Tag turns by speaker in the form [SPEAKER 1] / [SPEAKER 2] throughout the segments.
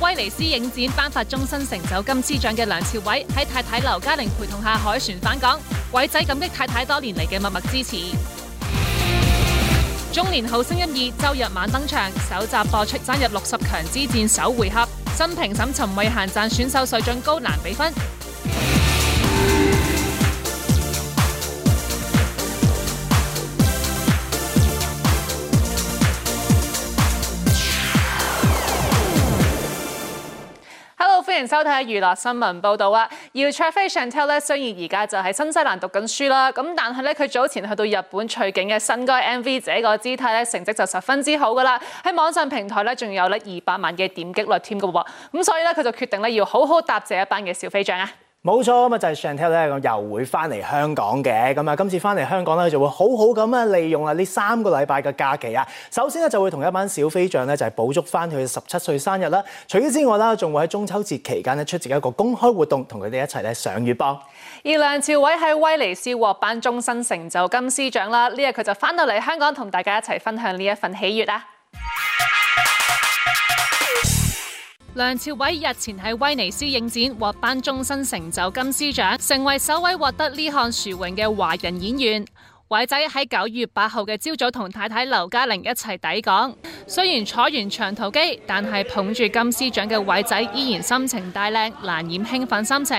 [SPEAKER 1] 威尼斯影展頒發終身成就金獅獎嘅梁朝偉喺太太劉嘉玲陪同下凱旋返港，偉仔感激太太多年嚟嘅默默支持。中年好聲音二周日晚登場，首集播出爭入六十強之戰首回合，新評審陳慧嫻讚選,選手水準高難比分。歡迎收睇娛樂新聞報道啊！姚焯菲 Chantel 咧，雖然而家就喺新西蘭讀緊書啦，咁但係咧佢早前去到日本取景嘅新歌 MV，這個姿態咧成績就十分之好㗎喇，喺網上平台咧仲有咧二百萬嘅點擊率添㗎喎，咁所以咧佢就決定咧要好好答謝一班嘅小飛象啊！
[SPEAKER 2] 冇錯，咁啊，就係 Shantel 咧，又會翻嚟香港嘅。咁啊，今次翻嚟香港咧，就會好好咁啊，利用啊呢三個禮拜嘅假期啊。首先咧，就會同一班小飛象咧，就係補祝翻佢十七歲生日啦。除此之外啦，仲會喺中秋節期間咧，出席一個公開活動，同佢哋一齊咧賞月。而
[SPEAKER 1] 梁朝偉喺威尼斯獲頒終身成就金獅獎啦，呢日佢就翻到嚟香港，同大家一齊分享呢一份喜悅啊！梁朝偉日前喺威尼斯影展獲頒終身成就金獅獎，成為首位獲得呢項殊榮嘅華人演員。偉仔喺九月八號嘅朝早同太太劉嘉玲一齊抵港，雖然坐完長途機，但係捧住金獅獎嘅偉仔依然心情大靚，難掩興奮心情。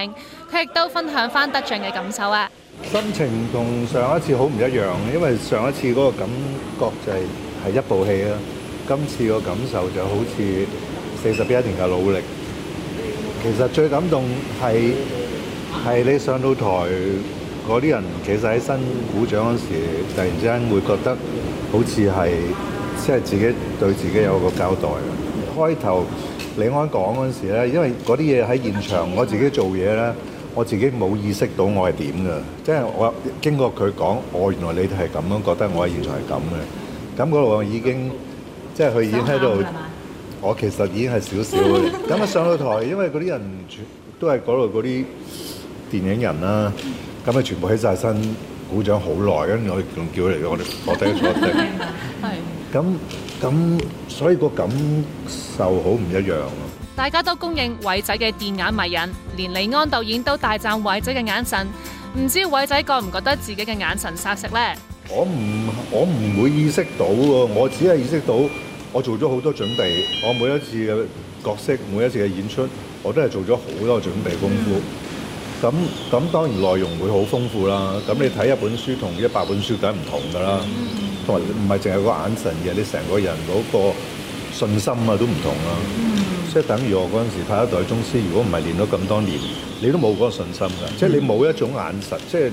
[SPEAKER 1] 佢亦都分享翻得獎嘅感受啊！
[SPEAKER 3] 心情同上一次好唔一樣，因為上一次嗰個感覺就係、係、一部戲啊，今次個感受就好似。四十一年嘅努力，其實最感動係係你上到台嗰啲人，其實喺新鼓掌嗰時，突然之間會覺得好似係即係自己對自己有個交代。開頭李安講嗰時咧，因為嗰啲嘢喺現場，我自己做嘢咧，我自己冇意識到我係點㗎。即係我經過佢講，我，哦，原來你哋係咁樣覺得，我喺現場係咁嘅。咁嗰度我已經即係佢已經喺度。我其實已經係少少嘅，咁啊上到台，因為嗰啲人都係嗰度嗰啲電影人啦，咁啊全部起曬身鼓掌好耐，跟住我仲叫佢嚟我哋坐低坐定，咁咁所以個感受好唔一樣咯。
[SPEAKER 1] 大家都公認偉仔嘅電眼迷人，連李安導演都大讚偉仔嘅眼神，唔知偉仔覺唔覺得自己嘅眼神殺食咧？
[SPEAKER 3] 我唔，我唔會意識到喎，我只係意識到。我做咗好多準備，我每一次嘅角色，每一次嘅演出，我都係做咗好多準備功夫。咁、嗯、咁當然內容會好豐富啦。咁你睇一本書同一百本書梗係唔同㗎啦。同埋唔係淨係個眼神嘅，你成個人嗰個信心啊都唔同啦。即、嗯、係、就是、等於我嗰陣時拍一代宗師，如果唔係練咗咁多年，你都冇嗰個信心㗎。即、就、係、是、你冇一種眼神，即係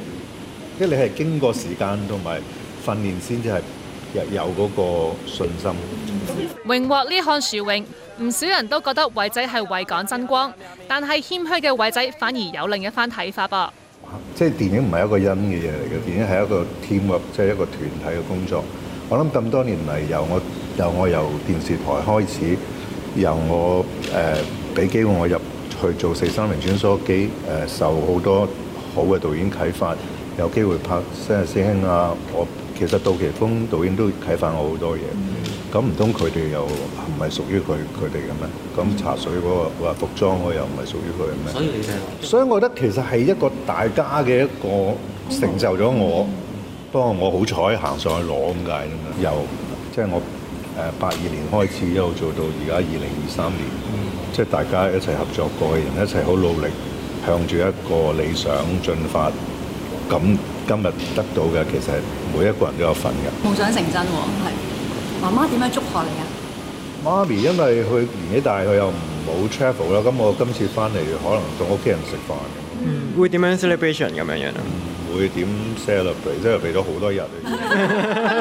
[SPEAKER 3] 即係你係經過時間同埋訓練先至係。有嗰個信心。
[SPEAKER 1] 榮獲呢項殊榮唔少人都覺得偉仔係為港爭光，但係謙虛嘅偉仔反而有另一番睇法噃。即、就、
[SPEAKER 3] 係、是、電影唔係一個人嘅嘢嚟嘅，電影係一個 team work 即係一個團體嘅工作。我諗咁多年嚟，由我由我由電視台開始，由我誒俾機會我入去做四三零穿梭機、誒、呃、受好多好嘅導演啟發，有機會拍《新紮師兄》啊，我。其實杜琪峰導演都啟發我好多嘢，咁唔通佢哋又唔係屬於佢佢哋嘅咩？咁、嗯、茶水嗰、那個，或者服裝我又唔係屬於佢嘅咩？所以你所以我覺得其實係一個大家嘅一個成就咗我、嗯，不過我好彩行上去攞咁解啦。由即係、就是、我誒八二年開始，一路做到而家二零二三年，即、嗯、係、就是、大家一齊合作過嘅人，一齊好努力向住一個理想進發，咁。今日得到嘅其實每一個人都有份嘅。夢
[SPEAKER 4] 想成真，
[SPEAKER 5] 係
[SPEAKER 3] 媽媽點樣祝賀你啊？媽咪因為佢年紀大，佢又唔好 travel 啦。咁我今次翻嚟可能同屋企人食飯。嗯，會點樣 celebration 咁樣樣啊？唔會點 celebrate，即係畀咗好多日。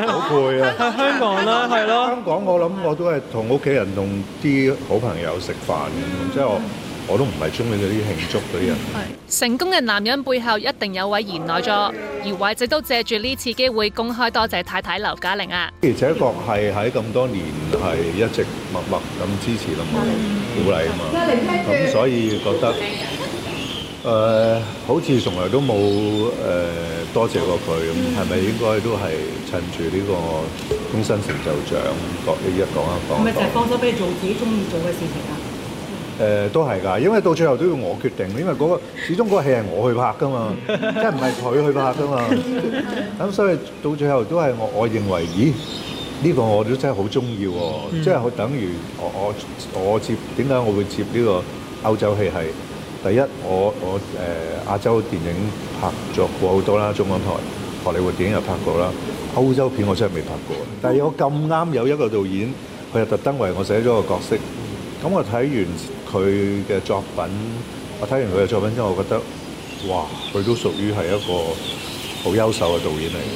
[SPEAKER 3] 好攰啊！喺香港啦，係咯。香港我諗我都係同屋企人同啲好朋友食飯，即係我。我都唔係中意嗰啲慶祝嗰啲人。
[SPEAKER 1] 係成功嘅男人背後一定有位賢內助，而偉仔都借住呢次機會公開多謝太太劉嘉玲啊。
[SPEAKER 3] 而且郭係喺咁多年係一直默默咁支持同埋鼓勵啊嘛，咁所以覺得誒好似從來都冇誒多謝過佢咁，係咪應該都係趁住呢個終身成就獎，講一一講一講。係咪就係幫手俾你
[SPEAKER 6] 做自己中意做嘅事情啊！
[SPEAKER 3] 誒、呃、都係㗎，因為到最後都要我決定，因為嗰、那個始終嗰個戲係我去拍㗎嘛， 即係唔係佢去拍㗎嘛。咁 所以到最後都係我，我認為，咦？呢、這個我都真係好中意喎，即、嗯、係、就是、等於我我我接點解我會接呢個歐洲戲係？第一，我我誒、呃、亞洲電影拍咗過好多啦，中港台荷里活電影又拍過啦，歐洲片我真係未拍過。但係我咁啱有一個導演，佢又特登為我寫咗個角色。咁我睇完佢嘅作品，我睇完佢嘅作品之後，我覺得，哇！佢都屬於係一個好優秀嘅導演嚟嘅。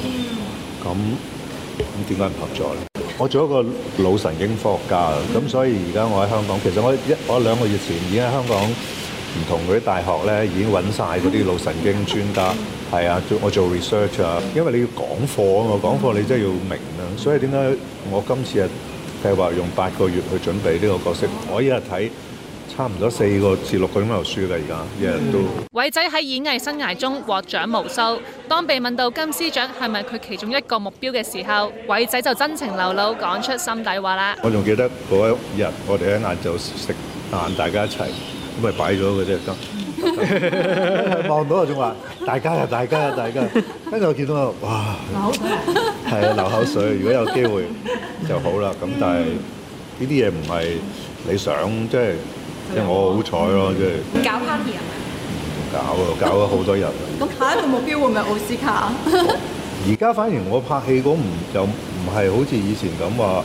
[SPEAKER 3] 咁咁點解唔合作咧？我做一個腦神經科學家，咁所以而家我喺香港，其實我一我兩個月前已經喺香港唔同嗰啲大學咧已經揾曬嗰啲腦神經專家，係啊，我做 research 啊，因為你要講課啊嘛，講課你真係要明啊，所以點解我今次計劃用八個月去準備呢個角色，我看，我一日睇差唔多四個至六個鐘頭書啦，而家一日都。
[SPEAKER 1] 偉、嗯、仔喺演藝生涯中獲獎無數，當被問到金獅獎係咪佢其中一個目標嘅時候，偉仔就真情流露，講出心底話啦。
[SPEAKER 3] 我仲記得嗰一日，我哋喺晏晝食晏，大家一齊咁咪擺咗嗰隻望到啊，仲話大家啊，大家啊，大家。跟住我見到哇，係啊，流口水。如果有機會就好啦。咁但係呢啲嘢唔係你想，即係即係我好彩咯，即係。你搞 party 係咪？唔搞啊！搞咗好多日。
[SPEAKER 7] 咁下一個目標會唔會奧斯
[SPEAKER 4] 卡？
[SPEAKER 3] 而家反而我拍戲嗰唔就唔係好似以前咁話，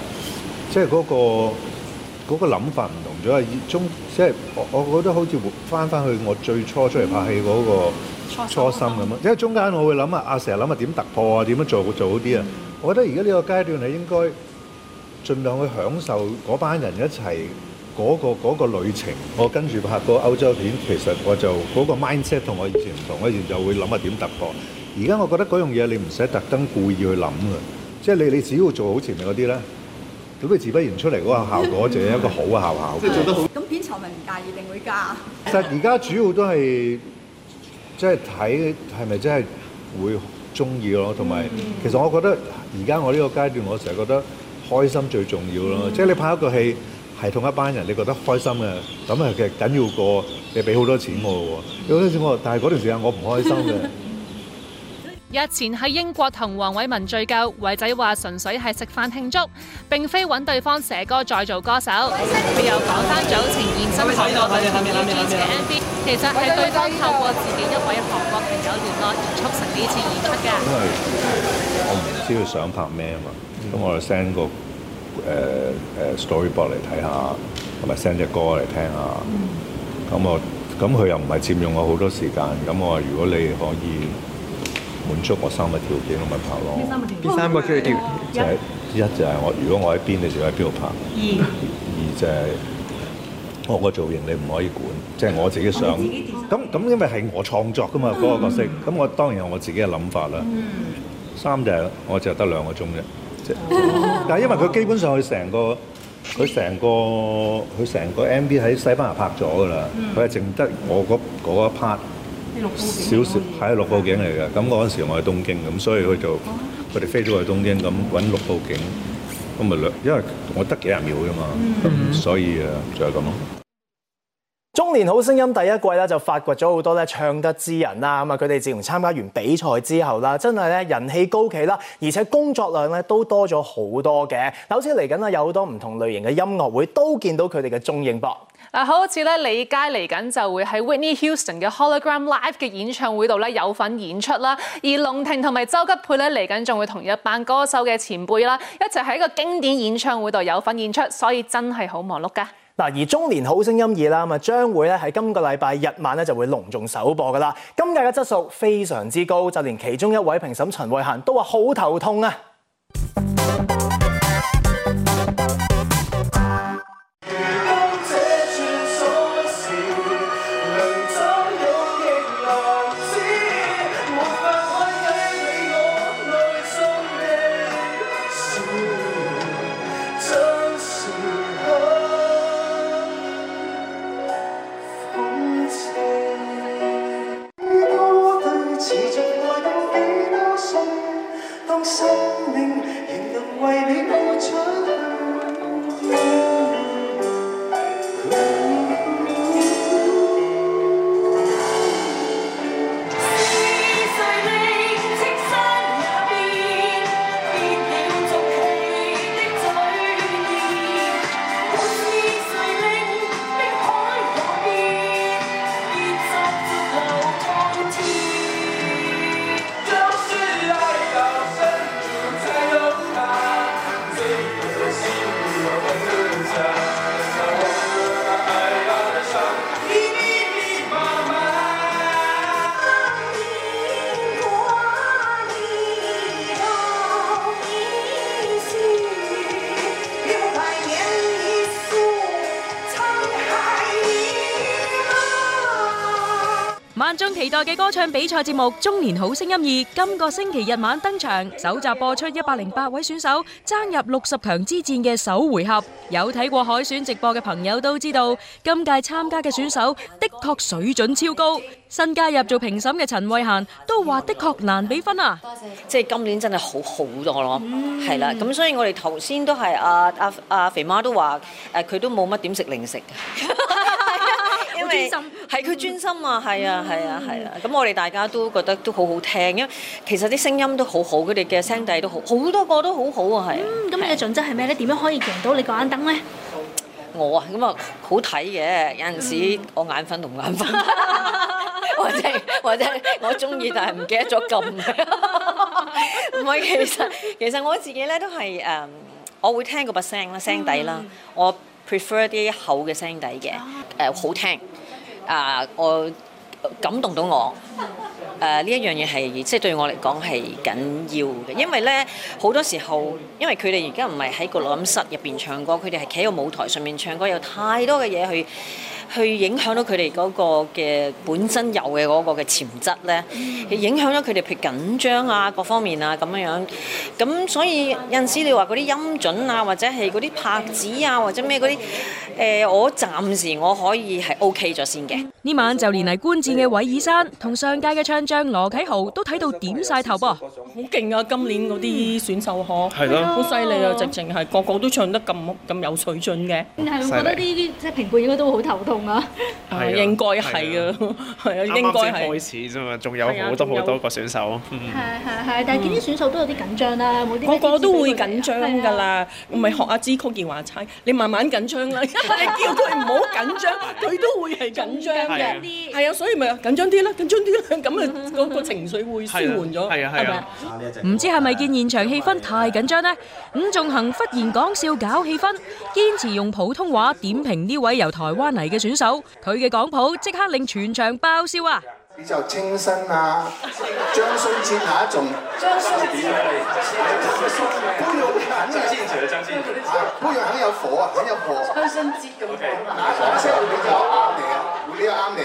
[SPEAKER 3] 即係嗰個嗰個諗法唔同。咗，中即係我，我覺得好似回翻翻去我最初出嚟拍戲嗰個初心咁咯。因為中間我會諗啊，啊成日諗啊，點突破啊，點樣做做好啲啊。我覺得而家呢個階段，你應該盡量去享受嗰班人一齊嗰個嗰個旅程。我跟住拍個歐洲片，其實我就嗰個 mindset 同我以前唔同，以前就會諗啊點突破。而家我覺得嗰樣嘢你唔使特登故意去諗嘅，即係你你只要做好前面嗰啲咧。如果佢自不然出嚟嗰個效果就係一個好嘅效效果。 做得好。
[SPEAKER 4] 咁片
[SPEAKER 3] 酬咪唔介意定會加？其實而家主要都係即係睇係咪真係會鍾意咯，同埋其實我覺得而家我呢個階段，我成日覺得開心最重要咯。即 係你拍一個戲係同一班人，你覺得開心嘅，咁係其實緊要過你俾好多錢我喎。俾好多錢我，但係嗰段時間我唔開心嘅。
[SPEAKER 1] 日前喺英國同黃偉文聚舊，偉仔話純粹係食飯慶祝，並非揾對方寫歌再做歌手。佢又講翻早前現身，佢要見嘅 MV，其實係對方
[SPEAKER 3] 透過自己一位韓國朋友聯絡而促成呢次演出㗎、嗯嗯。因為我唔知佢想拍咩啊嘛，咁我就 send 個誒誒 storyboard 嚟睇下，同埋 send 隻歌嚟聽下。咁、嗯嗯、我咁佢又唔係佔用我好多時間，咁我話如果你可以。滿足我三個條件，我咪拍咯。三個條件，三個條件就係、是、一，一就係我如果我喺邊，你就喺邊度拍。二二就係、是、我個造型你唔可以管，即、就、係、是、我自己想。咁咁因為係我創作噶嘛，嗰、嗯那個角色，咁我當然有我自己嘅諗法啦。嗯、三就係我就得兩個鐘啫，即、就是、但係因為佢基本上佢成個佢成個佢成個 MV 喺西班牙拍咗噶啦，佢係淨得我嗰嗰一 part。那個少少係綠布景嚟嘅，咁嗰陣時候我喺東京，咁所以佢就佢哋飛咗去東京，咁揾綠布景，咁咪兩，因為我得幾廿秒噶嘛，咁、mm-hmm. 所以誒就係咁咯。
[SPEAKER 2] 中年好聲音第一季咧，就發掘咗好多咧唱得之人啦，咁啊佢哋自從參加完比賽之後啦，真係咧人氣高企啦，而且工作量咧都多咗好多嘅。好似嚟緊咧有好多唔同類型嘅音樂會都見到佢哋嘅蹤影噃。
[SPEAKER 1] 嗱，好似咧李佳嚟緊就會喺 Whitney Houston 嘅 Hologram Live 嘅演唱會度咧有份演出啦，而龍庭同埋周吉佩咧嚟緊仲會同一班歌手嘅前輩啦一齊喺個經典演唱會度有份演出，所以真係好忙碌噶。
[SPEAKER 2] 嗱，而中年好聲音二啦，咁啊將會咧喺今個禮拜日晚咧就會隆重首播㗎喇。今屆嘅質素非常之高，就連其中一位評審陳慧嫻都話好頭痛啊。
[SPEAKER 8] 期待嘅歌唱比賽節目《中年好聲音二》今個星期日晚登場，首集播出一百零八位選手爭入六十強之戰嘅首回合。有睇過海選直播嘅朋友都知道，今屆參加嘅選手的確水準超高。新加入做評審嘅陳慧嫻都話的確難俾分啊！
[SPEAKER 9] 即係今年真係好好多咯，係、嗯、啦。咁所以我哋頭先都係阿阿阿肥媽都話，誒、啊、佢都冇乜點食零食。 係佢專心啊！係啊，係啊，係啊！咁、啊啊啊、我哋大家都覺得都好好聽，因為其實啲聲，聲音都好好，佢哋嘅聲底都好，好多個都好好啊！係、啊。嗯，咁你嘅準則係咩呢？點、啊、樣可
[SPEAKER 10] 以贏到你個眼燈呢？
[SPEAKER 9] 我啊，咁啊，好睇嘅。有陣時我眼瞓同眼瞓、嗯， 或者或者我中意，但係唔記得咗咁唔係，其實其實我自己呢都係誒、嗯，我會聽個把聲啦，聲底啦，我 prefer 啲厚嘅聲底嘅誒、啊呃，好聽。啊！我感動到我誒呢一樣嘢係，即係對我嚟講係緊要嘅，因為呢好多時候，因為佢哋而家唔係喺個錄音室入邊唱歌，佢哋係企喺個舞台上面唱歌，有太多嘅嘢去。去影響到佢哋嗰個嘅本身有嘅嗰個嘅潛質咧，影響咗佢哋譬如緊張啊各方面啊咁樣樣，咁所以有陣時你話嗰啲音準啊，或者係嗰啲拍子啊，或者咩嗰啲，誒、呃、我暫時我可以係 O K 咗先嘅。
[SPEAKER 8] 呢晚就連嚟觀戰嘅韋爾山同上屆嘅唱將羅啟豪都睇到點晒頭噃，好、嗯、勁啊！今年嗰啲選手可係咯，好犀利啊！直情係個個都唱
[SPEAKER 2] 得咁咁有水準嘅，係覺得呢啲
[SPEAKER 8] 即係評判應該都會好頭痛。係應該係
[SPEAKER 2] 咯，
[SPEAKER 8] 係啊應該開
[SPEAKER 2] 始啫嘛，仲有好多好多個選手，
[SPEAKER 10] 係係係，但係見啲選手都有啲緊張啦，每個個都會緊
[SPEAKER 8] 張㗎啦，咪學阿芝曲建華猜，你慢慢緊張啦，你叫佢唔好緊張，佢都會係緊張嘅，係啊，所以咪緊張啲咯，緊張啲咯，咁啊個個情緒會舒緩咗，係啊
[SPEAKER 10] 係啊，唔
[SPEAKER 8] 知係咪見現場氣氛太緊張呢？伍仲恒忽然講笑搞氣氛，堅持用普通話點評呢位由台灣嚟嘅選手，佢嘅港普即刻令全場爆笑啊！你
[SPEAKER 11] 就清新啊，張信哲那一
[SPEAKER 12] 種，張信哲，潘粵很有火啊，很
[SPEAKER 2] 有火，張信哲
[SPEAKER 12] 咁啊，而、啊、且、啊、會比較啱
[SPEAKER 13] 你！啊，會比較啱你，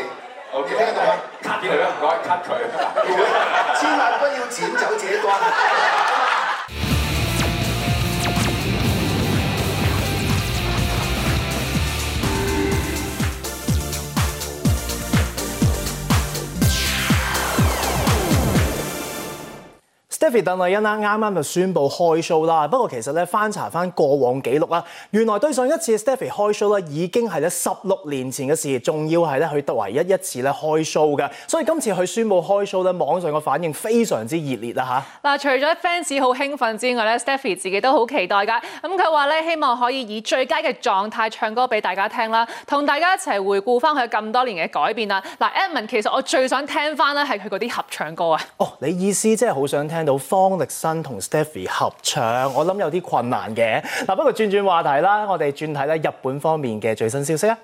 [SPEAKER 13] 你聽得懂嗎？cut 佢啦，唔該，cut 佢，千萬不要剪走這段。
[SPEAKER 2] Stephy 鄧麗欣啦、啊，啱啱就宣布開 show 啦。不過其實咧，翻查翻過往記錄啦，原來對上一次 Stephy 開 show 咧，已經係咧十六年前嘅事，仲要係咧佢唯一一次咧開 show 嘅。所以今次佢宣布開 show 咧，網上嘅反應非常之熱烈啦吓，
[SPEAKER 1] 嗱，除咗 fans 好興奮之外咧，Stephy 自己都好期待㗎。咁佢話咧，希望可以以最佳嘅狀態唱歌俾大家聽啦，同大家一齊回顧翻佢咁多年嘅改變啦。嗱、嗯、Edmond 其實我最想聽翻咧係佢嗰啲合唱歌啊。哦，
[SPEAKER 2] 你意思即係好想聽到？方力申同 Stephy 合唱，我諗有啲困難嘅。嗱，不過轉轉話題啦，我哋轉睇咧日本方面嘅最新消息啦。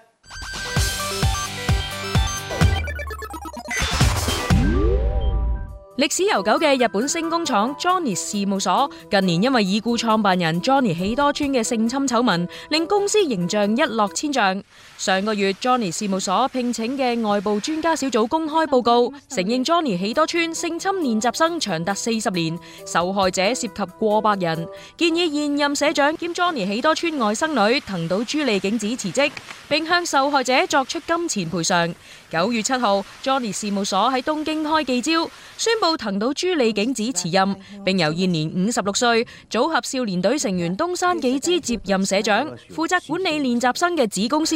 [SPEAKER 2] 歷史悠久嘅日
[SPEAKER 8] 本星工廠 Johnny 事務所，近年因為已故創辦人 Johnny 喜多川嘅性侵醜聞，令公司形象一落千丈。上個月，Johnny 事務所聘請嘅外部專家小組公開報告，承認 Johnny 喜多川性侵練習生長達四十年，受害者涉及過百人。建議現任社長兼 Johnny 喜多川外甥女藤島朱莉景子辭職，並向受害者作出金錢賠償。九月七號，Johnny 事務所喺東京開記招，宣布藤島朱莉景子辭任，並由現年五十六歲組合少年隊成員東山紀之接任社長，負責管理練習生嘅子公司。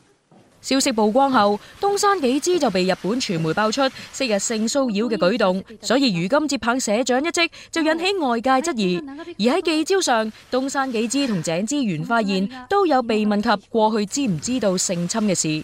[SPEAKER 8] 消息曝光後，東山紀之就被日本傳媒爆出昔日性騷擾嘅舉動，所以如今接棒社長一職就引起外界質疑，而喺記招上東山紀之同井之原發現，都有被問及過去知唔知道性侵
[SPEAKER 14] 嘅事。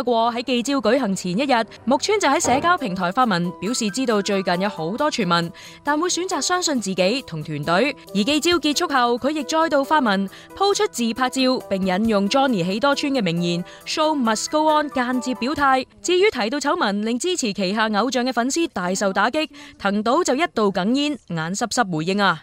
[SPEAKER 8] 不過喺記招舉行前一日，木村就喺社交平台發文表示知道最近有好多傳聞，但會選擇相信自己同團隊。而記招結束後，佢亦再度發文鋪出自拍照，並引用 Johnny 喜多川嘅名言 “Show must go on” 間接表態。至於提到醜聞令支持旗下偶像嘅粉絲大受打擊，藤島就一度哽咽
[SPEAKER 6] 眼濕濕回應啊。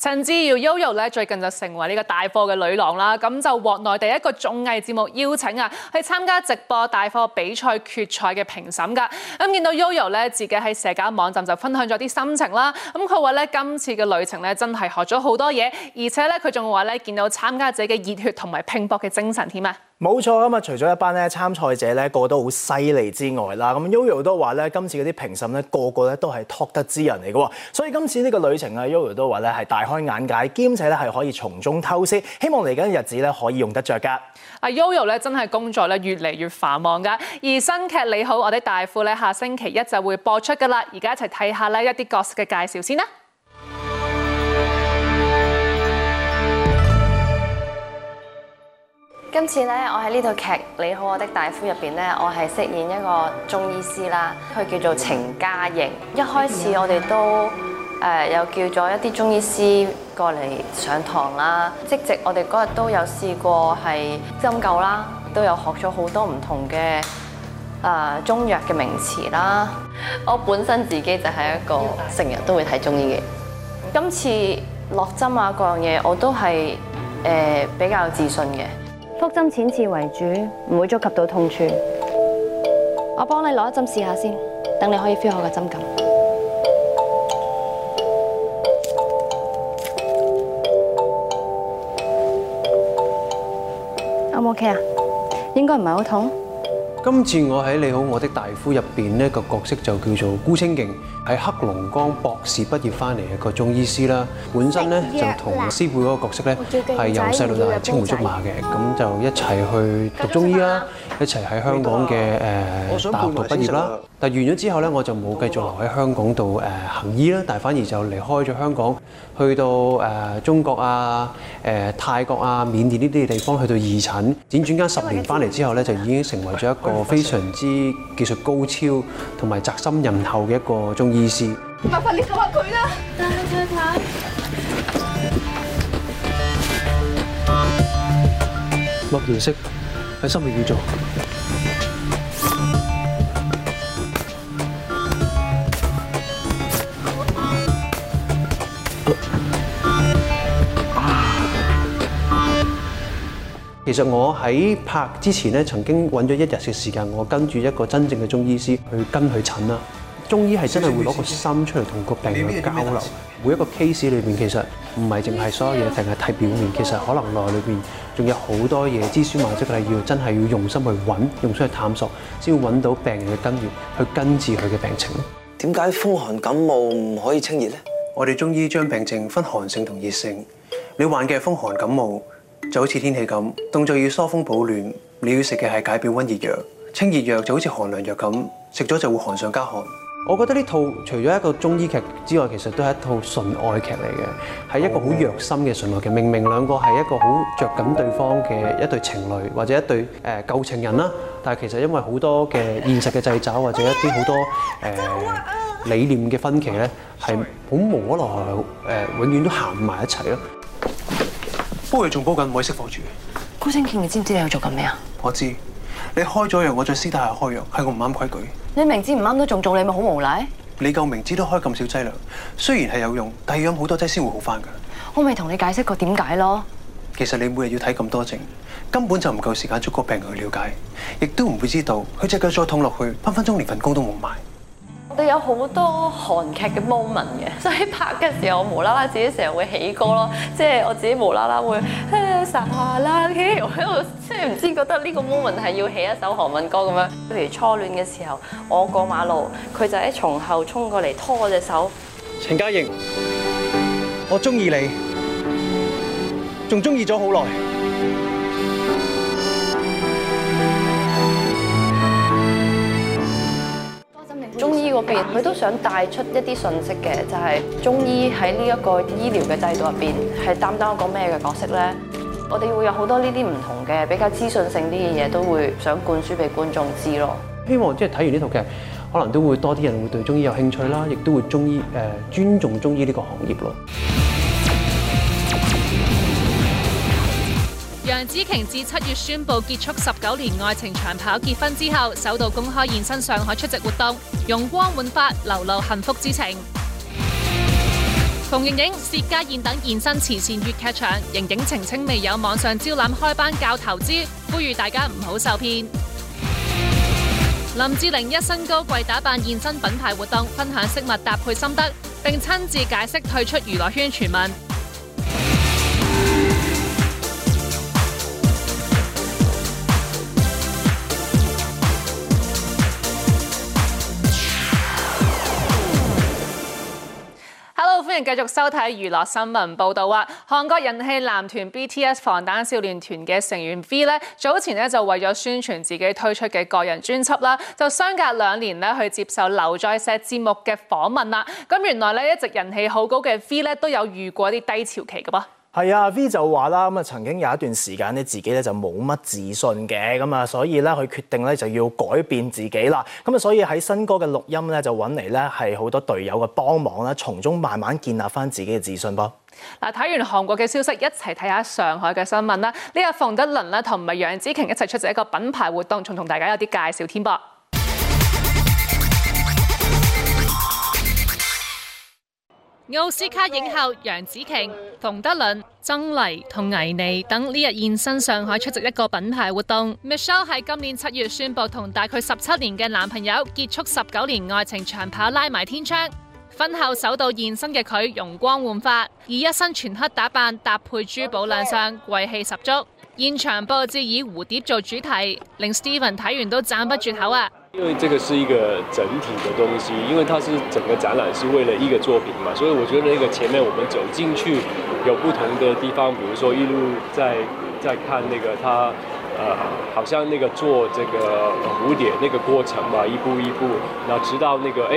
[SPEAKER 1] 陳志堯 YoYo 最近就成為呢個大貨嘅女郎啦，咁就獲內地一個綜藝節目邀請啊，去參加直播大貨比賽決賽嘅評審㗎。咁見到 YoYo 自己喺社交網站就分享咗啲心情啦。咁佢話呢，今次嘅旅程呢，真係學咗好多嘢，而且呢，佢仲話呢，見到參加者嘅熱血同埋拼搏嘅精神添啊！
[SPEAKER 2] 冇錯咁啊，除咗一班咧參賽者咧個,個個都好犀利之外啦，咁 Yoyo 都話咧今次嗰啲評審咧個個咧都係託得之人嚟嘅喎，所以今次呢個旅程啊，Yoyo 都話咧係大開眼界，兼且咧係可以從中偷師，希望嚟緊日子咧可以用得着噶。
[SPEAKER 1] 啊，Yoyo 咧真係工作咧越嚟越繁忙噶，而新劇你好，我哋大富咧下星期一就會播出噶啦，而家一齊睇下呢一啲角色嘅介紹先啦。
[SPEAKER 15] 今次咧，我喺呢套劇《你好，我的大夫》入邊咧，我係飾演一個中醫師啦，佢叫做程家瑩。一開始我哋都誒，有叫咗一啲中醫師過嚟上堂啦。即席我哋嗰日都有試過係針灸啦，都有學咗好多唔同嘅誒中藥嘅名詞啦。我本身自己就係一個成日都會睇中醫嘅。今次落針啊，各樣嘢我都係誒比較自信嘅。腹針淺刺為主，唔會觸及到痛處。我幫你攞一針試下先，等你可以 feel 我嘅針感。O 唔 ok 啊？應該唔係好痛。
[SPEAKER 16] 今次我喺《你好，我的大夫》入面呢個角色就叫做孤清勁，喺黑龍江博士畢業翻嚟嘅個中醫師啦。本身呢就同師妹嗰個角色呢係由細到大青梅竹馬嘅，咁就一齊去讀中醫啦。一齊喺香港嘅誒大學度畢業啦，但係完咗之後咧，我就冇繼續留喺香港度誒行醫啦，但係反而就離開咗香港，去到誒中國啊、誒泰國啊、緬甸呢啲地方去到義診，輾轉間十年翻嚟之後咧，就已經成為咗一個非常之技術高超同埋責任心厚嘅一個中醫師。
[SPEAKER 10] 麻煩你救下佢啦！但係再睇，
[SPEAKER 16] 冇認識。喺心入面要做。其實我喺拍之前咧，曾經揾咗一日嘅時間，我跟住一個真正嘅中醫師去跟佢診啦。中醫係真係會攞個心出嚟同個病人去交流，每一個 case 裏面，其實唔係淨係所有嘢，淨係睇表面，其實可能內裏面仲有好多嘢，枝書萬章佢係要真係要用心去揾，用心去探索，先會揾到病人嘅根源，去根治佢嘅病情咯。點解風寒感冒唔可以清熱呢？我哋中醫將病症分寒性同熱性，你患嘅係風寒感冒，就好似天氣咁，動作要疏風保暖，你要食嘅係解表溫熱藥，清熱藥就好似寒涼藥咁，食咗就會寒上加寒。我覺得呢套除咗一個中醫劇之外，其實都係一套純愛劇嚟嘅，係一個好虐心嘅純愛劇。明明兩個係一個好着緊對方嘅一對情侶或者一對誒舊、呃、情人啦，但係其實因為好多嘅現實嘅掣肘或者一啲好多誒、呃、理念嘅分歧咧，係、哎，好無可奈何誒永遠都行埋一齊咯。不過仲煲緊，唔可以熄火住。
[SPEAKER 15] 高正健，你知唔知你喺度做緊咩啊？
[SPEAKER 16] 我知。你開咗藥，我再私底下開藥，係我唔啱規矩。
[SPEAKER 15] 你明知唔啱都仲做你很，你咪好無賴。
[SPEAKER 16] 你夠明知都開咁少劑量，雖然係有用，但係要飲好多劑先會好返㗎。
[SPEAKER 15] 我咪同你解釋過點解咯。
[SPEAKER 16] 其實你每日要睇咁多症，根本就唔夠時間逐個病人去了解，亦都唔會知道，佢隻腳再痛落去，分分鐘連份工都冇埋。
[SPEAKER 15] 都有好多韓劇嘅 moment 嘅，所以拍嘅時候，我無啦啦自己成日會起歌咯，即係我自己無啦啦會，沙啦嘅，我喺度即係唔知覺得呢個 moment 係要起一首韓文歌咁樣。譬如初戀嘅時候，我過馬路，佢就喺從後衝過嚟拖我隻手。
[SPEAKER 16] 陳嘉盈，我中意你，仲中意咗好耐。
[SPEAKER 15] 中醫嗰邊，佢都想帶出一啲信息嘅，就係中醫喺呢一個醫療嘅制度入邊，係擔當一個咩嘅角色咧？我哋會有好多呢啲唔同嘅比較資訊性啲嘅嘢，都會想灌輸俾觀眾知咯。
[SPEAKER 16] 希望即係睇完呢套劇，可能都會多啲人會對中醫有興趣啦，亦都會中醫誒尊重中醫呢個行業咯。
[SPEAKER 1] 楊紫瓊自七月宣佈結束十九年愛情長跑結婚之後，首度公開現身上海出席活動，容光煥發，流露幸福之情。馮盈盈、薛家燕等現身慈善粵劇場，盈盈澄清未有網上招攬開班教投資，呼籲大家唔好受騙。 林志玲一身高貴打扮現身品牌活動，分享飾物搭配心得，並親自解釋退出娛樂圈傳聞。繼續收睇娛樂新聞報道啊，韓國人氣男團 BTS 防彈少年團嘅成員 V 咧，早前咧就為咗宣傳自己推出嘅個人專輯啦，就相隔兩年咧去接受《劉在錫》節目嘅訪問啦。咁原來咧一直人氣好高嘅 V 咧都有遇過啲低潮期嘅噃。
[SPEAKER 2] 係啊，V 就話啦，咁啊曾經有一段時間咧，自己咧就冇乜自信嘅，咁啊，所以咧佢決定咧就要改變自己啦。咁啊，所以喺新歌嘅錄音咧，就揾嚟咧係好多隊友嘅幫忙啦，從中慢慢建立翻自己嘅自信噃。
[SPEAKER 1] 嗱，睇完韓國嘅消息，一齊睇下上海嘅新聞啦。呢個馮德倫咧同埋楊紫瓊一齊出席一個品牌活動，仲同大家有啲介紹添噃。奧斯卡影後楊紫瓊、馮德倫、曾黎同倪妮等呢日現身上海出席一個品牌活動。Michelle 喺今年七月宣布同大概十七年嘅男朋友結束十九年愛情長跑拉埋天窗，婚後首度現身嘅佢容光煥發，以一身全黑打扮搭配珠寶亮相，貴氣十足。現場佈置以蝴蝶做主題，令 Steven 睇完都讚不絕口啊！
[SPEAKER 12] 因為這個是一個整體的東西，因為它是整個展覽是為了一個作品嘛，所以我覺得那個前面我們走進去有不同的地方，比如說一路在在看那個他，呃，好像那個做這個蝴蝶那個過程嘛，一步一步，然後直到那個，哎。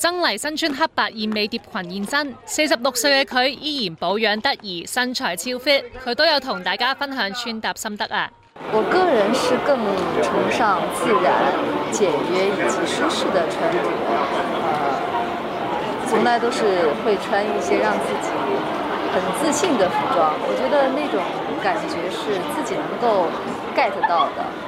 [SPEAKER 1] 曾黎身穿黑白燕尾蝶裙現身，四十六歲嘅佢依然保養得宜，身材超 fit。佢都有同大家分享穿搭心得啊！
[SPEAKER 15] 我個人是更崇尚自然、
[SPEAKER 4] 簡約以及舒適的穿着，呃，從來都是會穿一些讓自己很自信的服裝。我覺得那種感覺
[SPEAKER 15] 是自己能夠 get 到的。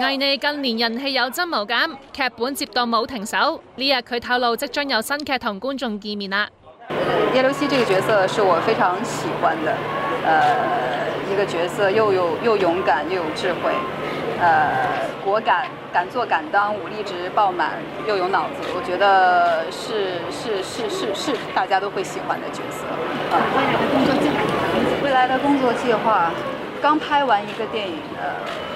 [SPEAKER 1] 艾妮近年人氣有增無減，劇本接到冇停手。呢日佢透露即將有新劇同觀眾見面啦。葉老師這個角色
[SPEAKER 4] 是我非常喜歡的，呃，一個角色又有又勇敢又有智慧，呃，果敢敢做敢當，武力值爆滿，又有腦子，我覺得是是是是，是大家都會喜歡的角色。未、呃、來的工作計劃，未來的工作計劃，剛拍完一個電影。呃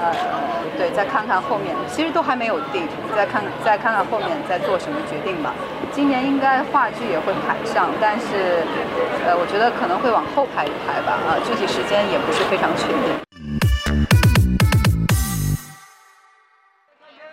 [SPEAKER 4] 呃，對，再看看後面，其實都還沒有定。再看，再看看後面，再做什麼決定吧。今年應該話劇也會排上，但是，呃，我覺得可能會往後排一排吧。啊，具體時間也不是非常確定。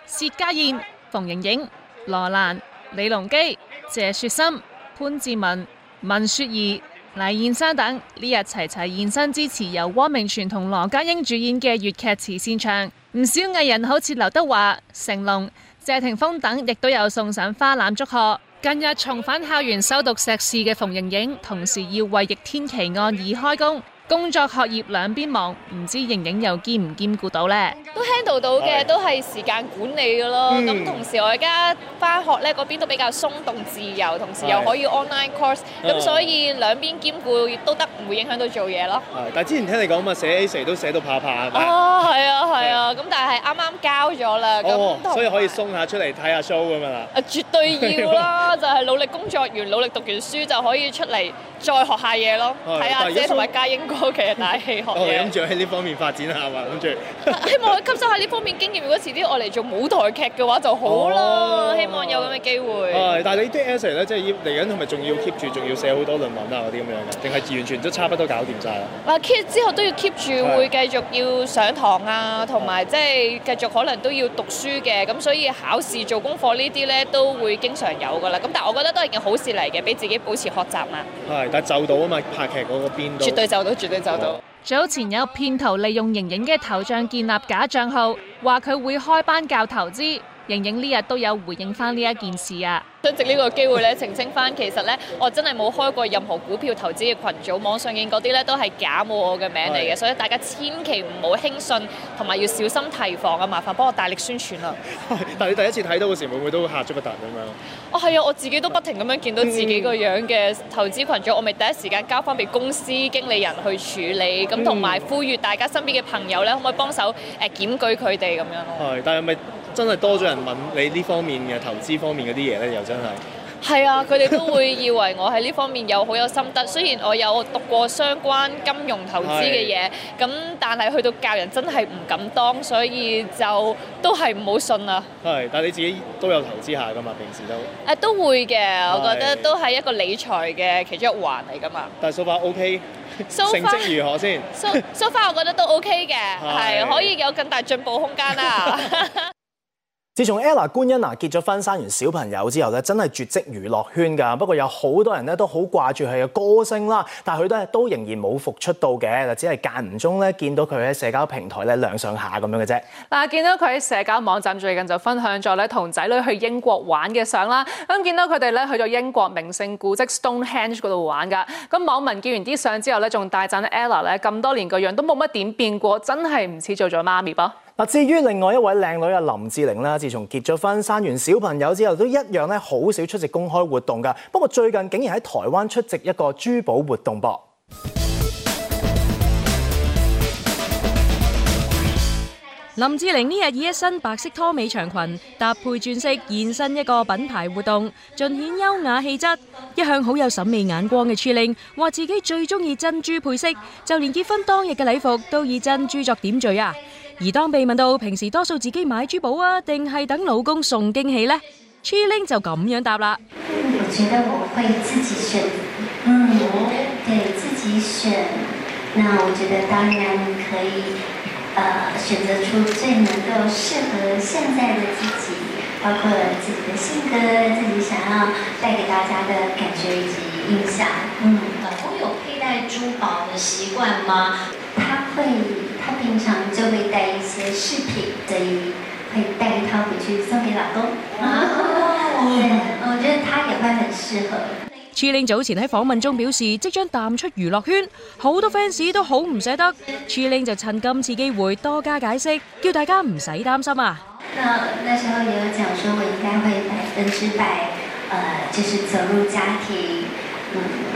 [SPEAKER 1] 薛家燕、馮盈盈、羅蘭、李龍基、謝雪心、潘志文、文雪兒。黎燕珊等呢日齊齊現身支持由汪明荃同羅家英主演嘅粵劇慈善場，唔少藝人好似劉德華、成龍、謝霆鋒等，亦都有送上花籃祝賀。近日重返校園修讀碩士嘅馮盈盈同時要為《逆天奇案》而開工。工作學業兩邊忙，唔知盈盈又兼唔兼顧到咧？都 handle 到嘅，都係時間管理嘅咯。咁同時我而家
[SPEAKER 17] 返學咧嗰邊都比較鬆動自由，同時又可以 online course，咁所以兩邊兼顧都得，唔會影響到做嘢咯。
[SPEAKER 2] 但係之前聽你講啊，寫 essay 都寫到怕怕。哦，
[SPEAKER 17] 係啊，係啊。咁但係啱啱交咗啦。哦，所以可
[SPEAKER 2] 以鬆下出嚟睇下 show 咁樣啦。
[SPEAKER 17] 啊，絕對要啦！就係努力工作完，努力讀完書就可以出嚟再學下嘢咯，睇下啫同埋加英。Okay, 我其實大氣學嘅，我諗
[SPEAKER 2] 住喺呢方面發展下嘛，
[SPEAKER 17] 諗 住希望佢吸收下呢方面經驗。如果遲啲我嚟做舞台劇嘅話，就好啦，哦。希望有咁嘅機會。係、哦，
[SPEAKER 2] 但係你啲 essay 咧，即係要嚟緊係咪仲要 keep 住，仲要寫好多論文啊嗰啲咁樣嘅？定係完全都差不多搞掂晒啦？
[SPEAKER 17] 嗱 keep 之後都要 keep 住，會繼續要上堂啊，同埋即係繼續可能都要讀書嘅。咁所以考試、做功課呢啲咧，都會經常有㗎啦。咁但係我覺得都係件好事嚟嘅，俾自己保持學習嘛。
[SPEAKER 2] 係，但係就到啊嘛，拍劇嗰個邊度。絕對就到。嗯
[SPEAKER 1] 早前有騙徒利用盈盈嘅頭像建立假賬號，話佢會開班教投資。盈盈呢日都有回應翻呢一件事啊！想藉呢個機會咧澄清翻，其實咧我真係冇開過任何股票投
[SPEAKER 17] 資嘅群組，網上邊嗰啲咧都係假冒我嘅名嚟嘅，所以大家千祈唔好輕信，同埋要小心提防啊！麻煩幫我大力宣傳啦！
[SPEAKER 2] 但係你第一次睇到嘅時候，會唔會都嚇咗
[SPEAKER 15] 個突咁樣？
[SPEAKER 17] 哦，係啊！我自己都不停咁樣見到自己個樣嘅投資群組，嗯、我咪第一時間交翻俾公司經理人去處理，咁同埋呼籲大家身邊嘅朋友咧，可唔可以幫手誒檢舉佢哋咁樣？
[SPEAKER 2] 係，但係咪？真係多咗人問你呢方面嘅投資方面嗰啲嘢咧，又真係
[SPEAKER 17] 係啊！佢哋都會以為我喺呢方面有好有心得，雖然我有讀過相關金融投資嘅嘢，咁但係去到教人真係唔敢當，所以就都係唔好信啦。
[SPEAKER 2] 係，但係你自己都有投資下噶嘛？平時都
[SPEAKER 17] 誒，都會嘅，我覺得都係一個理財嘅其中一環嚟噶嘛。
[SPEAKER 2] 但係 so farOK，成績如何先？so
[SPEAKER 17] so far 我覺得都 OK 嘅，係可以有更大進步空間啊！
[SPEAKER 2] 自從 ella 官恩娜結咗婚生完小朋友之後咧，真係絕跡娛樂圈噶。不過有好多人咧都好掛住佢嘅歌聲啦，但係佢都都仍然冇復出到嘅，就只係間唔中咧見到佢喺社交平台咧亮相下咁樣嘅啫。
[SPEAKER 1] 嗱，見到佢喺社交網站最近就分享咗咧同仔女去英國玩嘅相啦。咁見到佢哋咧去咗英國名勝古跡 Stonehenge 嗰度玩噶。咁網民見完啲相之後咧，仲大讚 ella 咧咁多年個樣都冇乜點變過，真係唔似做咗媽咪噃。
[SPEAKER 2] 至於另外一位靚女阿林志玲自從結咗婚、生完小朋友之後，都一樣咧好少出席公開活動噶。不過最近竟然喺台灣出席一個珠寶活動噃。
[SPEAKER 8] 林志玲呢日以一身白色拖尾長裙搭配鑽飾現身一個品牌活動，盡顯優雅氣質。一向好有審美眼光嘅志玲話自己最中意珍珠配色，就連結婚當日嘅禮服都以珍珠作點綴啊！而當被問到平時多數自己買珠寶啊，定係等老公送驚喜呢
[SPEAKER 18] ？Chiling 就咁樣答啦。我覺得我會自己選，嗯，對自己選，那我覺得當然可以，呃，選擇出最能夠適合現在的自己，包括自己的性格，自己想要帶給大家的感覺以及印象，嗯，咁我有珠寶的習慣嗎？他會，他平常就會帶一些飾品，所以會帶一套回去送給老公。啊啊、對，我覺得他也會很適合。
[SPEAKER 8] 志玲早前喺訪問中表示，即將淡出娛樂圈，好多 fans 都好唔捨得。志玲就趁今次機會多加解釋，叫大家唔使擔心啊
[SPEAKER 18] 那。那時候也有講說，我應該會百分之百，呃、就是走入家庭，嗯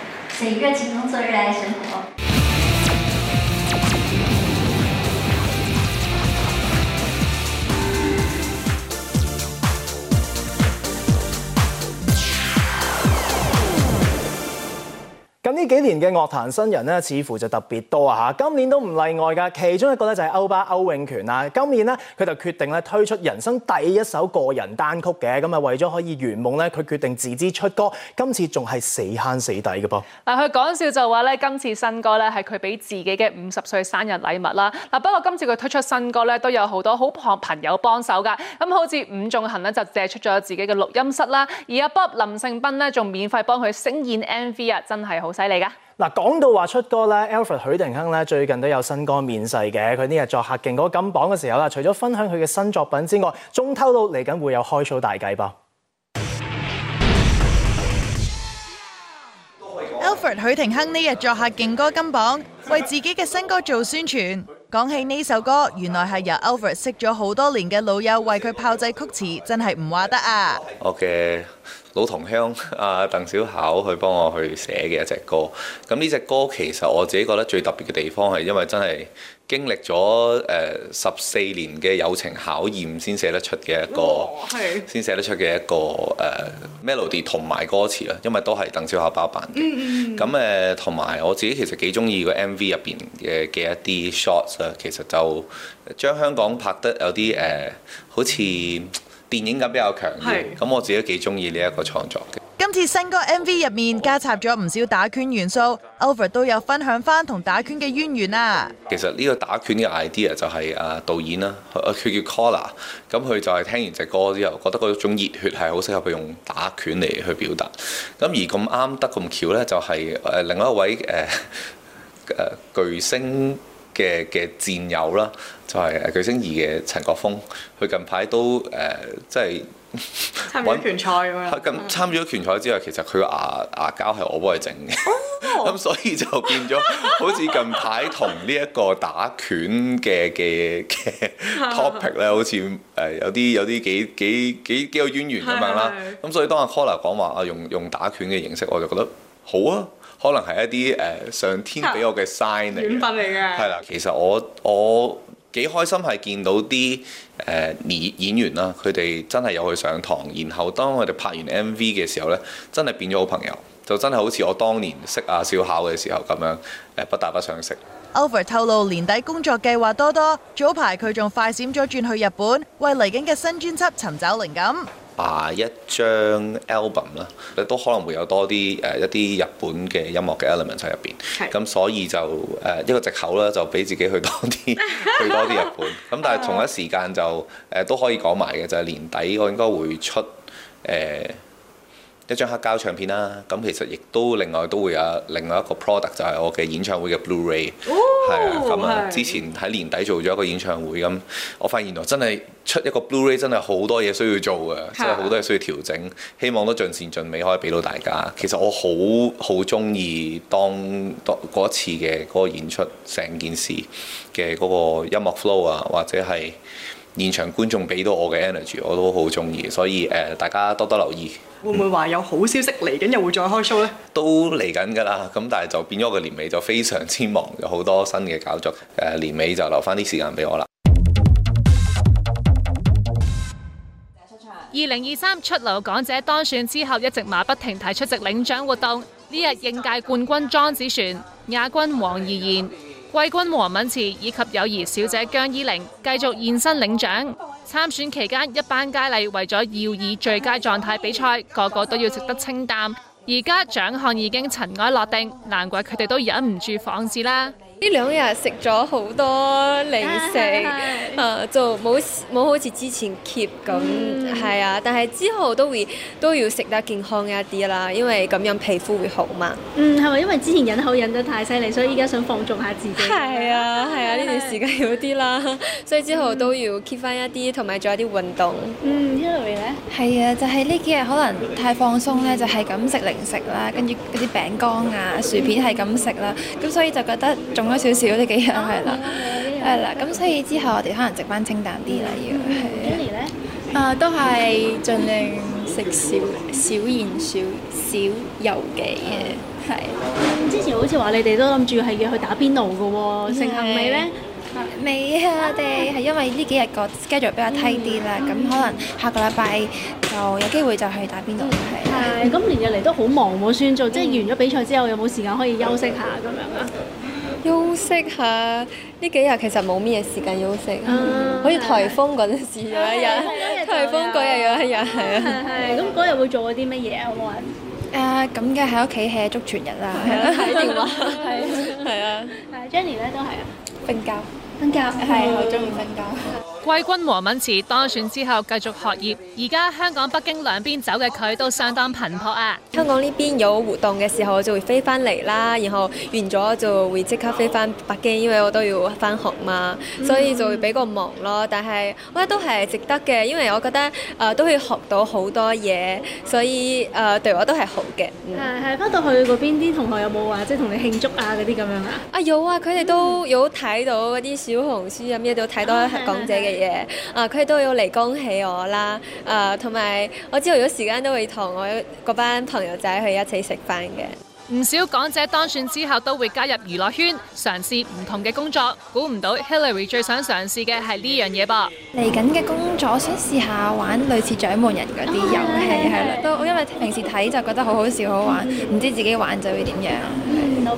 [SPEAKER 18] 熱情工作，熱愛生活。
[SPEAKER 2] 咁呢幾年嘅樂壇新人咧，似乎就特別多啊！嚇，今年都唔例外㗎。其中一個咧就係歐巴歐永權啦。今年咧，佢就決定咧推出人生第一首個人單曲嘅。咁啊，為咗可以圓夢咧，佢決定自資出歌。今次仲係死慳死抵嘅噃。
[SPEAKER 1] 嗱，佢講笑就話咧，今次新歌咧係佢俾自己嘅五十歲生日禮物啦。嗱，不過今次佢推出新歌咧都有好多好朋朋友幫手㗎。咁好似伍仲衡咧就借出咗自己嘅錄音室啦，而阿 Bob 林盛斌咧仲免費幫佢聲演 MV 啊，真係好～犀
[SPEAKER 2] 利噶！嗱，講到話出歌咧，Alfred 許廷鏗咧最近都有新歌面世嘅。佢呢日作客勁歌金榜嘅時候啦，除咗分享佢嘅新作品之外，仲偷到嚟緊會有開騷大計噃。
[SPEAKER 1] Alfred 許廷鏗呢日作客勁歌金榜，為自己嘅新歌做宣傳。講起呢首歌，原來係由 Alfred 識咗好多年嘅老友為佢炮製曲詞，真係唔話得啊
[SPEAKER 13] ！OK。老同鄉啊，鄧小巧去幫我去寫嘅一隻歌。咁呢隻歌其實我自己覺得最特別嘅地方係因為真係經歷咗誒十四年嘅友情考驗先寫得出嘅一個，先、哦、寫得出嘅一個、uh, melody 同埋歌詞啦。因為都係鄧小巧包辦嘅。咁誒同埋我自己其實幾鍾意個 MV 入邊嘅嘅一啲 shots 啊，其實就將香港拍得有啲誒、uh, 好似。電影感比較強嘅，咁我自己都幾中意呢一個創作嘅。
[SPEAKER 1] 今次新歌 MV 入面加插咗唔少打拳元素，Over 都有分享返同打拳嘅淵源啊。
[SPEAKER 13] 其實呢個打拳嘅 idea 就係啊導演啦，佢叫 Collar，咁佢就係聽完隻歌之後，覺得嗰種熱血係好適合佢用打拳嚟去表達。咁而咁啱得咁巧呢，就係、是、誒另外一位誒、呃呃、巨星。嘅嘅戰友啦，就係、誒、巨星二嘅陳國風，佢近排都誒，即係
[SPEAKER 15] 參咗拳賽咁樣，
[SPEAKER 13] 咁參咗拳賽之後，其實佢個牙牙膠係我幫佢整嘅，咁、oh. 嗯、所以就變咗好似近排同呢一個打拳嘅嘅嘅 topic 咧， 好似誒有啲有啲幾幾幾幾個淵源咁樣啦。咁、 嗯、所以當阿 Cola 講話啊用用打拳嘅形式，我就覺得好啊。可能係一啲誒上天俾我嘅 sign 嚟，係啦。其實我我幾開心係見到啲誒演演員啦，佢哋真係有去上堂。然後當佢哋拍完 MV 嘅時候咧，真係變咗好朋友，就真係好似我當年識阿小巧嘅時候咁樣誒，不打不相識。
[SPEAKER 1] Over 透露年底工作計劃多多，早排佢仲快閃咗轉去日本，為嚟緊嘅新專輯尋找靈感。
[SPEAKER 13] 下一張 album 啦，你都可能會有多啲誒一啲、呃、日本嘅音樂嘅 elements 喺入邊，咁所以就誒、呃、一個藉口啦，就俾自己去多啲 去多啲日本。咁但係同一時間就誒、呃、都可以講埋嘅，就係、是、年底我應該會出誒。呃一張黑膠唱片啦，咁其實亦都另外都會有另外一個 product 就係我嘅演唱會嘅 Blu-ray，
[SPEAKER 14] 係、哦、啊，咁、嗯、啊係，之
[SPEAKER 13] 前喺年底做咗一個演唱會咁，我發現原來真係出一個 Blu-ray 真係好多嘢需要做嘅，即係好多嘢需要調整，希望都盡善盡美可以俾到大家。其實我好好中意當當嗰次嘅嗰個演出成件事嘅嗰個音樂 flow 啊，或者係。現場觀眾俾到我嘅 energy，我都好中意，所以誒、呃，大家多多留意。會唔會話有好消息嚟緊又會再開 show 咧、嗯？都嚟緊㗎啦，咁但係就變咗個年尾就非常之忙，有好多新嘅搞作。誒、呃，年尾就留翻啲時間俾我啦。
[SPEAKER 1] 二零二三出爐港姐當選之後，一直馬不停蹄出席領獎活動。呢日應屆冠軍莊子璇、亞軍王怡然。季軍王敏慈以及友誼小姐姜依玲繼續現身領獎。參選期間，一班佳麗為咗要以最佳狀態比賽，個個都要食得清淡。而家獎項已經塵埃落定，難怪佢哋都忍唔住放肆啦。呢兩日食
[SPEAKER 7] 咗好多零食，啊，啊就冇冇好似之前 keep 咁，係、嗯、啊。但係之後都會都要食得健康一啲啦，因為咁樣皮膚會好嘛。嗯，係咪？因為之前忍口忍得太犀利，所以依家想放縱下自己。係啊，係啊，呢、啊啊啊啊、段時間好啲啦，所以之後都要 keep 翻一啲，同、嗯、埋做一啲運動。嗯，因為咧？係啊，就係、是、呢幾日可能太放鬆咧，就係咁食零食啦，跟住嗰啲餅乾啊、薯片係咁食啦，咁、嗯、所以就覺得仲。少少呢幾日係啦，係啦，咁所以之後我哋可能食翻清淡啲啦，要。
[SPEAKER 15] Jenny
[SPEAKER 7] 咧？啊，都係盡量食少少鹽、少少油嘅嘢。係。之前好似話你哋都諗住係要去打邊爐嘅喎，成行未咧？未啊！我哋係因為呢幾日個 schedule 比較低啲啦，咁可能下個禮拜就有機會就去打邊爐。係。
[SPEAKER 10] 咁連日嚟都
[SPEAKER 7] 好忙喎，孫總，即係完咗比賽之後有冇時間可以休息下咁
[SPEAKER 10] 樣啊？
[SPEAKER 7] 休息下，呢幾日其實冇咩嘢時間休息，好似颱風嗰陣時啊，日颱風嗰日有一日，係啊，咁嗰日會做過啲乜嘢啊？我問。誒
[SPEAKER 1] 咁嘅喺屋企 hea 足全日啦，睇
[SPEAKER 7] 電話，係啊、um,
[SPEAKER 10] yeah。誒 Jenny 咧都係瞓覺，瞓覺係我中意瞓覺。
[SPEAKER 1] 季軍王敏慈當選之後繼續學業，而家香港北京兩邊走嘅佢都相當頻撲啊！香港
[SPEAKER 7] 呢邊有活動嘅時候我就會飛翻嚟啦，然後完咗就會即刻飛翻北京，因為我都要翻學嘛，所以就會比較忙咯。但係我覺得都係值得嘅，因為我覺得誒、呃、都可以學到好多嘢，所以誒、呃、對我都係好嘅。係、嗯、係，翻到去嗰邊啲同學有冇話即係同你慶祝啊嗰啲咁樣啊？啊有啊，佢哋都有睇到嗰啲小紅書啊咩，都有睇到、啊、港姐嘅。嘢啊！佢都要嚟恭喜我啦，啊，同埋我知道有時間都會同我班朋友仔去一齊食飯嘅。
[SPEAKER 1] 唔少港姐當選之後都會加入娛樂圈，嘗試唔同嘅工作。估唔到 Hillary 最想嘗試嘅係呢樣嘢噃。嚟緊嘅工作
[SPEAKER 7] 想試下玩類似《掌門人》嗰啲遊戲，係啦，都因為平時睇就覺得好好笑、好玩，唔知自己玩就會點樣。好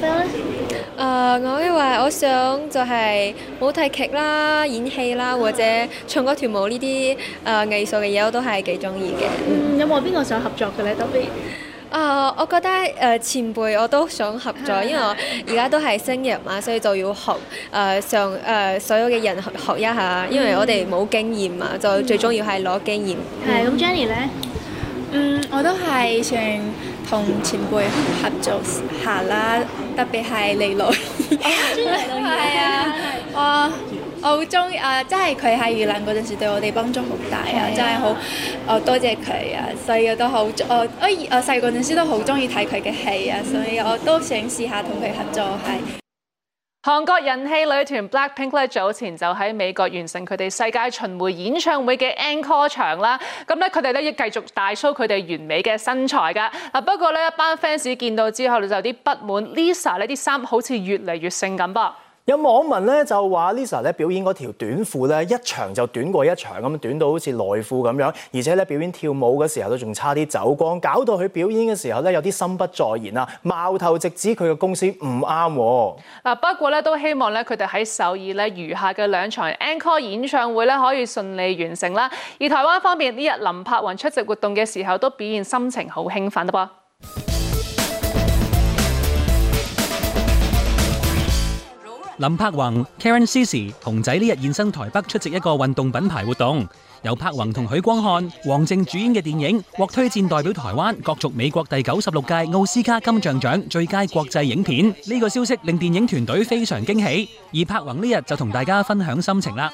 [SPEAKER 7] 誒、uh，我以為我想就係舞台劇啦，演戲啦，uh-huh. 或者唱歌跳舞呢啲誒藝術嘅嘢，我都係幾中意嘅。Mm-hmm. 嗯，有冇邊個想合作嘅咧？特別？啊，我覺得誒、呃、前輩我都想合作，uh-huh. 因為我而家都係新人嘛，所以就要學誒上誒所有嘅人學一下，因為我哋冇經驗嘛，就最重要係攞經驗。係。咁，Jenny 咧？嗯，mm-hmm. 我都係想同前輩合作下啦。Mm-hmm. 啊啊特別係李老，
[SPEAKER 14] 係啊，
[SPEAKER 18] 哇、 哦 雷路 是啊 ，
[SPEAKER 7] 我好中意啊！即係佢喺《雨林》嗰陣時對我哋幫助好大啊，真係好、啊，我多謝佢啊！細個都好，我，哎，我細嗰陣時都好
[SPEAKER 1] 中意睇佢嘅戲
[SPEAKER 7] 啊，所以我都想試下同佢合作係。是。
[SPEAKER 1] 韓國人氣女團 BLACKPINK 早前就喺美國完成佢哋世界巡迴演唱會嘅 Encore 場啦。咁也佢哋繼續大 show 佢哋完美嘅身材。不過一班 fans 見到之後就有啲不滿，Lisa 呢啲衫好似越嚟越性感噃。
[SPEAKER 2] 有網民咧就話 Lisa 咧表演嗰條短褲咧一場就短過一場，咁短到好似內褲咁樣，而且咧表演跳舞嘅時候都仲差啲走光，搞到佢表演嘅時候咧有啲心不在焉啊，矛頭直指佢嘅公司唔啱、啊。
[SPEAKER 1] 嗱、啊、不過咧都希望咧佢哋喺首爾咧餘下嘅兩場 encore 演唱會咧可以順利完成啦。而台灣方面呢日林柏宏出席活動嘅時候都表現心情好興奮，啊噃。
[SPEAKER 5] 林柏宏、Karen c i s s 同仔，呢日現身台北出席一個運動品牌活動，由柏宏同許光漢、王淨主演嘅電影獲推薦代表台灣角逐美國第九十六屆奧斯卡金像獎最佳國際影片。呢個消息令電影團隊非常驚喜，而柏宏呢日就同大家分享心情啦。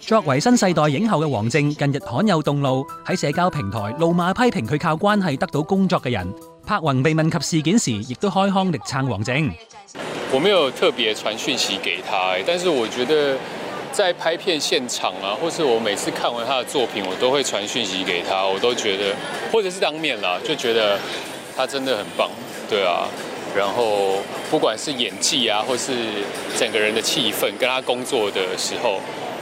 [SPEAKER 5] 作為新世代影后嘅王淨，近日罕有動怒喺社交平台怒罵批評佢靠關係得到工作嘅人。柏宏被問及事件時，亦都開腔力撐王淨。
[SPEAKER 12] 我沒有特別傳訊息給他，但是我覺得在拍片現場啊，或是我每次看完他的作品，我都會傳訊息給他，我都覺得，或者是當面啦，就覺得他真的很棒，對啊。然後不管是演技啊，或是整個人的氣氛，跟他工作的時候。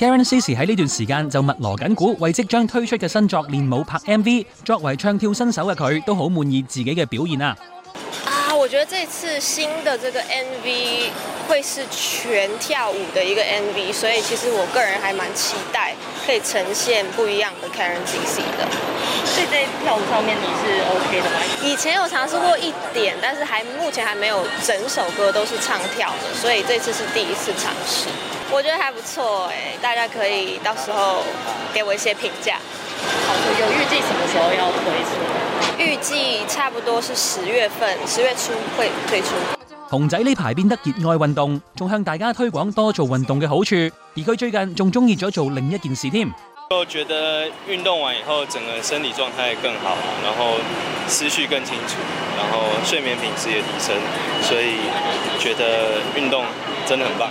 [SPEAKER 5] Karen Cici 喺呢段時間就密鑼緊鼓，為即將推出嘅新作練舞拍 MV。作為唱跳新手嘅佢，都好滿意自己嘅表現啊，
[SPEAKER 9] 啊！我覺得這次新的這個 MV 會是全跳舞嘅一個 MV，所以其實我個人還蠻期待可以呈現不一樣的 Karen Cici 嘅。所以在跳舞上面你是 OK 嘅嗎？以前有嘗試過一點，但是還目前還沒有整首歌都是唱跳嘅，所以這次是第一次嘗試。我覺得還不錯哎，大家可以到時候給我一些評價。有預計什麼時候要推出？預計差不多是十月份，十月初會推出。
[SPEAKER 5] 童仔呢排變得熱愛運動，仲向大家推廣多做運動嘅好處。而佢最近仲鍾意咗做另一件事添。
[SPEAKER 2] 我覺得運動完以後，整個生理狀態更好，然後思緒更清楚，然後睡眠品質也提升，所以覺得運動真的很棒。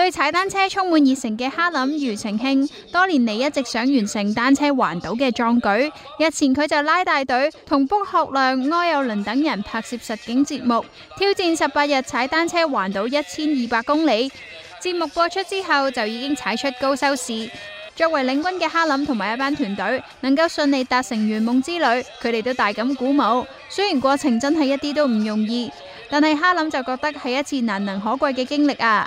[SPEAKER 10] 對踩單車充滿熱誠嘅哈林、庾澄慶，多年嚟，一直想完成單車環島嘅壯舉。日前佢就拉大隊同卜學亮、柯有倫等人拍攝實景節目，挑戰十八日踩單車環島一千二百公里。節目播出之後，就已經踩出高收視。作為領軍嘅哈林同埋一班團隊，能夠順利達成圓夢之旅，佢哋都大感鼓舞。雖然過程真係一啲都唔容易，但係哈林就覺得係一次難能可貴嘅經歷啊！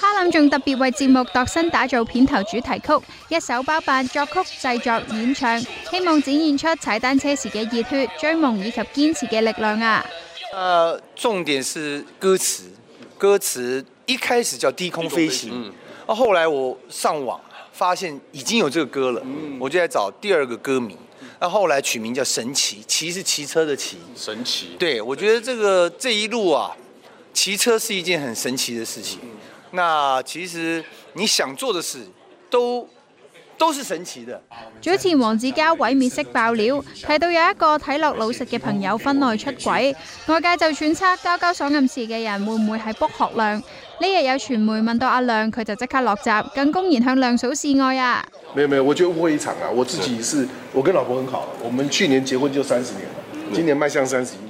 [SPEAKER 10] 哈林仲特別為節目度身打造片頭主題曲，一手包辦作曲、製作、演唱，希望展現出踩單車時嘅熱血、追夢以及堅持嘅力量啊、
[SPEAKER 11] 呃！重點是歌詞，歌詞一開始叫低空飛行，啊、嗯，後來我上網發現已經有這個歌了，嗯、我就在找第二個歌名，啊，後來取名叫神奇，奇是騎車的奇，神奇，對，我覺得這個這一路啊，騎車是一件很神奇的事情。嗯那其實你想做的事都，都都是神奇的。
[SPEAKER 10] 早前黃子佼毀滅式爆料，提到有一個睇落老實嘅朋友婚外出軌，外界就揣測交交所暗示嘅人會唔會係卜學亮？呢日有傳媒問到阿亮，佢就即刻落閘，更公然向亮嫂示愛啊！
[SPEAKER 11] 沒有沒有，我覺得誤會一場啦、啊。我自己是，我跟老婆很好，我們去年結婚就三十年，今年邁向三十一。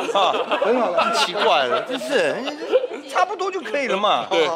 [SPEAKER 14] 啊，很好，太奇怪了，就是差不多就可以了嘛。對。